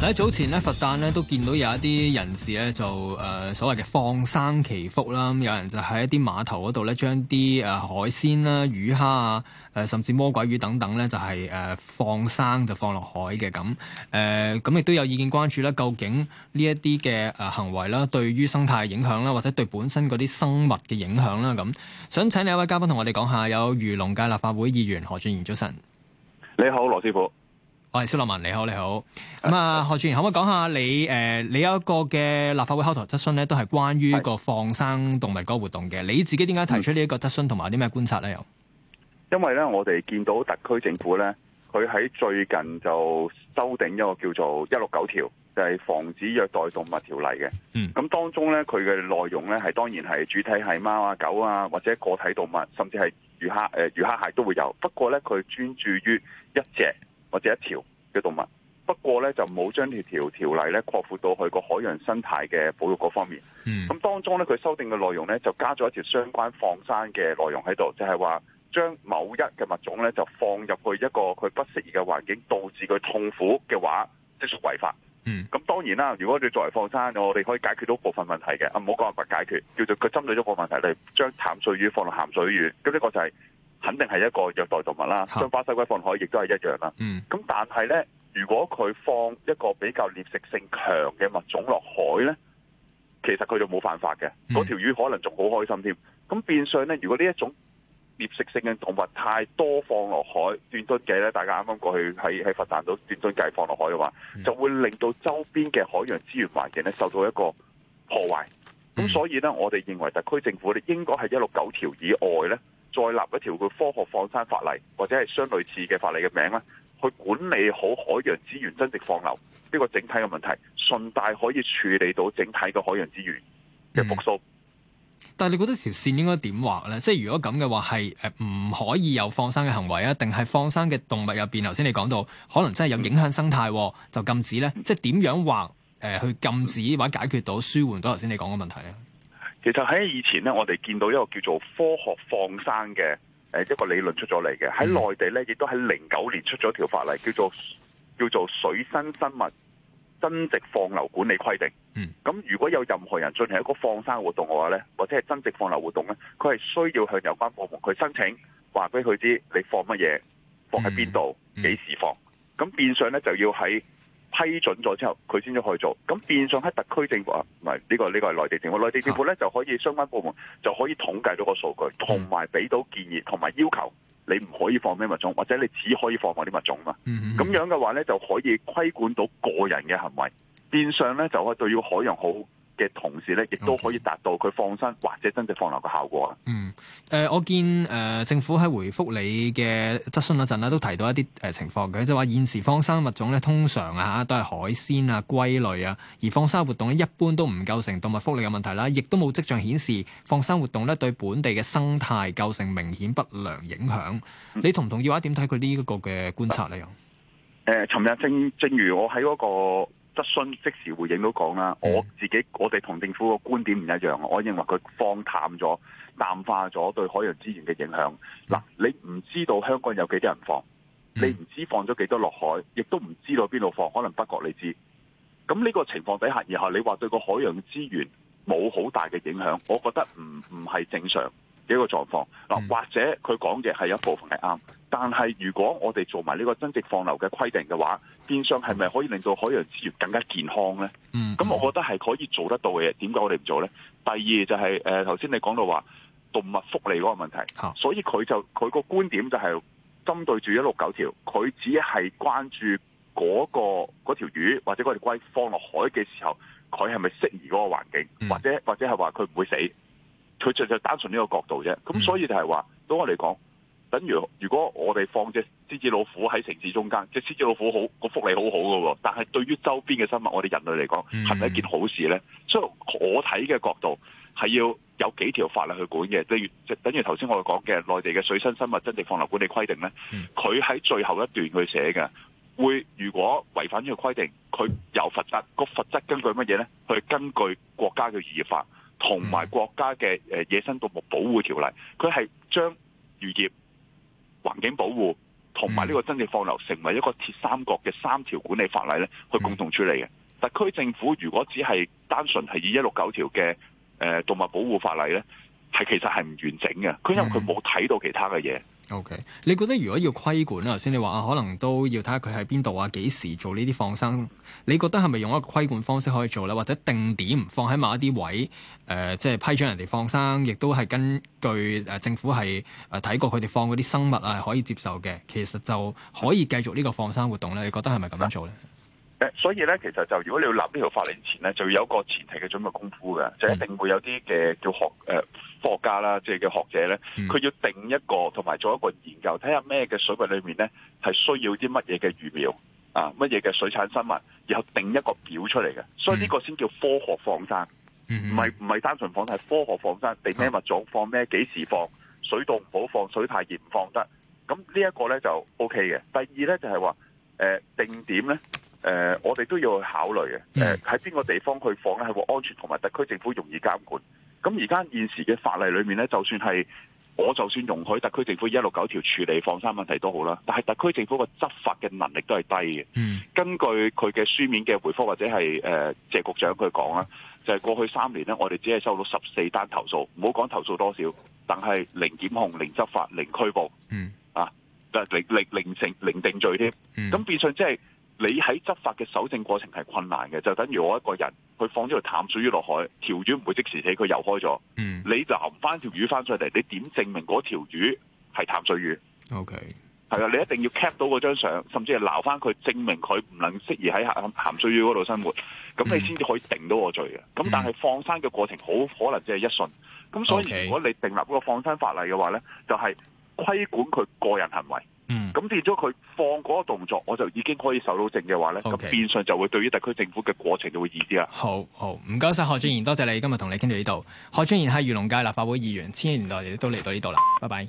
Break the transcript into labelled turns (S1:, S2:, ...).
S1: 喺早前咧，佛誕咧都見到有一啲人士咧，就誒、呃、所謂嘅放生祈福啦。咁有人就喺一啲碼頭嗰度咧，將啲海鮮啦、魚蝦啊、呃，甚至魔鬼魚等等咧，就係、是、誒、呃、放生就放落海嘅咁。誒咁亦都有意見關注咧，究竟呢一啲嘅行為啦，對於生態影響啦，或者對本身嗰啲生物嘅影響啦，咁想請你一位嘉賓同我哋講下。有漁農界立法會議員何俊賢，早晨。
S2: 你好，羅師傅。
S1: 我係蕭樂文，你好，你好。咁啊，何俊賢、啊、可唔可以講下你誒、呃、你有一個嘅立法會口頭質詢咧，都係關於個放生動物嗰個活動嘅。是你自己點解提出呢一個質詢，同埋啲咩觀察咧？又
S2: 因為咧，我哋見到特區政府咧，佢喺最近就修訂一個叫做一六九條，就係、是、防止虐待動物條例嘅。咁、嗯、當中咧，佢嘅內容咧，係當然係主體係貓啊、狗啊，或者個體動物，甚至係魚蝦誒，魚、呃、蝦蟹都會有。不過咧，佢專注於一隻。或者一條嘅動物，不過咧就冇將條條例咧擴闊到去個海洋生態嘅保育嗰方面。咁、嗯、當中咧，佢修訂嘅內容咧，就加咗一條相關放生嘅內容喺度，就係、是、話將某一嘅物種咧就放入去一個佢不適宜嘅環境，導致佢痛苦嘅話，即屬違法。咁、嗯、當然啦，如果你作為放生，我哋可以解決到部分問題嘅。唔好講話解決，叫做佢針對咗個問題嚟、就是、將淡水魚放落鹹水魚。咁呢個就係、是。肯定係一個虐待動物啦，將巴西龜放海亦都係一樣啦。咁、嗯、但係呢，如果佢放一個比較獵食性強嘅物種落海呢，其實佢就冇犯法嘅，嗰條、嗯、魚可能仲好開心添。咁變相呢，如果呢一種獵食性嘅動物太多放落海，斷樽計呢，大家啱啱過去喺喺佛誕島斷樽計放落海嘅話，嗯、就會令到周邊嘅海洋資源環境呢受到一個破壞。咁、嗯、所以呢，我哋認為特區政府呢應該係一六九條以外呢。再立一條佢科學放生法例，或者係相類似嘅法例嘅名去管理好海洋資源增值放流呢、呢個整體嘅問題，順帶可以處理到整體嘅海洋資源嘅復甦、嗯。
S1: 但係你覺得呢條線應該點畫咧？即係如果咁嘅話，係誒唔可以有放生嘅行為啊？定係放生嘅動物入邊？頭先你講到可能真係有影響生態，就禁止咧？即係點樣畫誒、呃、去禁止，或者解決到舒緩到頭先你講嘅問題咧？
S2: 其實喺以前咧，我哋見到一個叫做科學放生嘅誒一個理論出咗嚟嘅，喺內地咧亦都喺零九年出咗條法例，叫做叫做水生生物增殖放流管理規定。嗯，咁如果有任何人進行一個放生活動嘅話咧，或者係增殖放流活動咧，佢係需要向有關部門去申請，話俾佢知你放乜嘢，放喺邊度，幾時放。咁變相咧就要喺批准咗之後，佢先至去做。咁變相喺特區政府，啊，唔係呢個，呢個係內地政府。內地政府咧就可以相關部門就可以統計到個數據，同埋俾到建議，同埋要求你唔可以放咩物種，或者你只可以放嗰啲物種啊嘛。咁樣嘅話咧，嗯嗯嗯，就可以規管到個人嘅行為，變相咧就係對要海洋好。嘅同時咧，亦都可以達到佢放生或者真正放流嘅效果
S1: 啦。嗯，誒，我見誒政府喺回覆你嘅質詢嗰陣咧，都提到一啲誒情況嘅，就係話現時放生物種咧，通常啊都係海鮮啊、龜類啊，而放生活動咧一般都唔構成動物福利嘅問題啦，亦都冇跡象顯示放生活動咧對本地嘅生態構成明顯不良影響。你同唔同意話，點睇佢呢一個嘅觀察咧？
S2: 誒，尋日正正如我喺嗰個質詢即時回應都講啦，我自己，我哋同政府個觀點唔一樣，我認為佢放淡咗、淡化咗對海洋資源嘅影響。嗱，你唔知道香港有幾多人放，你唔知放咗幾多落海，亦都唔知道邊度放，可能不覺你知。咁呢個情況底下以，然後你話對個海洋資源冇好大嘅影響，我覺得唔唔係正常。幾個狀況嗱，或者佢講嘅係一部分係啱，但係如果我哋做埋呢個增值放流嘅規定嘅話，變相係咪可以令到海洋資源更加健康呢？嗯，咁、嗯、我覺得係可以做得到嘅嘢，點解我哋唔做呢？第二就係誒頭先你講到話動物福利嗰個問題，哦、所以佢就佢個觀點就係針對住一六九條，佢只係關注嗰、嗰個嗰條魚或者嗰條龜放落海嘅時候，佢係咪適宜嗰個環境，或者或者係話佢唔會死。佢就就單純呢個角度啫，咁所以就係話，對我嚟講，等於如果我哋放隻獅子老虎喺城市中間，隻獅子老虎好個福利好好嘅喎，但係對於周邊嘅生物，我哋人類嚟講係咪一件好事咧？Mm hmm. 所以我睇嘅角度係要有幾條法例去管嘅，即係等於頭先我哋講嘅內地嘅水生生物真正放流管理規定咧，佢喺、mm hmm. 最後一段去寫嘅，會如果違反呢個規定，佢有罰則，那個罰則根據乜嘢咧？去根據國家嘅漁業法。同埋國家嘅誒野生動物保護條例，佢係將漁業、環境保護同埋呢個真正放流成為一個鐵三角嘅三條管理法例咧，去共同處理嘅。特區政府如果只係單純係以一六九條嘅誒動物保護法例咧，係其實係唔完整嘅。佢因為佢冇睇到其他嘅嘢。
S1: O.K. 你覺得如果要規管咧，頭先你話啊，可能都要睇下佢喺邊度啊，幾時做呢啲放生？你覺得係咪用一個規管方式可以做呢？或者定點放喺某一啲位？誒，即係批准人哋放生，亦都係根據誒政府係誒睇過佢哋放嗰啲生物啊，係可以接受嘅，其實就可以繼續呢個放生活動咧。你覺得係咪咁樣做呢？
S2: 所以呢，其實就如果你要立呢條法例前呢，就要有一個前提嘅準備功夫嘅，就一定會有啲嘅叫學誒。啦，即係嘅學者咧，佢要定一個同埋做一個研究，睇下咩嘅水域裏面咧係需要啲乜嘢嘅魚苗啊，乜嘢嘅水產生物，然後定一個表出嚟嘅，所以呢個先叫科學放生，唔係，唔係單純放生，係科學放生，定咩物種放咩，幾時放，水度唔好放，水太鹹唔放得，咁呢一個咧就 OK 嘅。第二咧就係話，誒、呃、定點咧，誒、呃、我哋都要去考慮嘅，誒喺邊個地方去放咧係會安全，同埋特區政府容易監管。咁而家現時嘅法例裏面咧，就算係我就算容許特區政府一六九條處理放生問題都好啦，但係特區政府個執法嘅能力都係低嘅。嗯，根據佢嘅書面嘅回覆或者係誒、呃、謝局長佢講啦，就係、是、過去三年咧，我哋只係收到十四單投訴，唔好講投訴多少，但係零檢控、零執法、零拘捕。嗯，啊，零零零零定罪添。咁、嗯、變相即係。你喺執法嘅蒐證過程係困難嘅，就等於我一個人去放咗條淡水魚落海，條魚唔會即時起。佢遊開咗、嗯。你你撈翻條魚翻出嚟，你點證明嗰條魚係淡水魚？OK，係啊，你一定要 cap 到嗰張相，甚至係撈翻佢，證明佢唔能適宜喺鹹水魚嗰度生活，咁你先至可以定到個罪嘅。咁、嗯、但係放生嘅過程好可能只係一瞬，咁所以如果你訂立個放生法例嘅話呢就係、是、規管佢個人行為。嗯，咁變咗佢放嗰個動作，我就已經可以受到證嘅話咧，咁 Okay. 變相就會對於特區政府嘅過程就會易啲啦。
S1: 好好，唔該晒。何俊賢，多謝你今日同你傾到呢度。何俊賢係漁農界立法會議員，千禧年代亦都嚟到呢度啦。拜拜。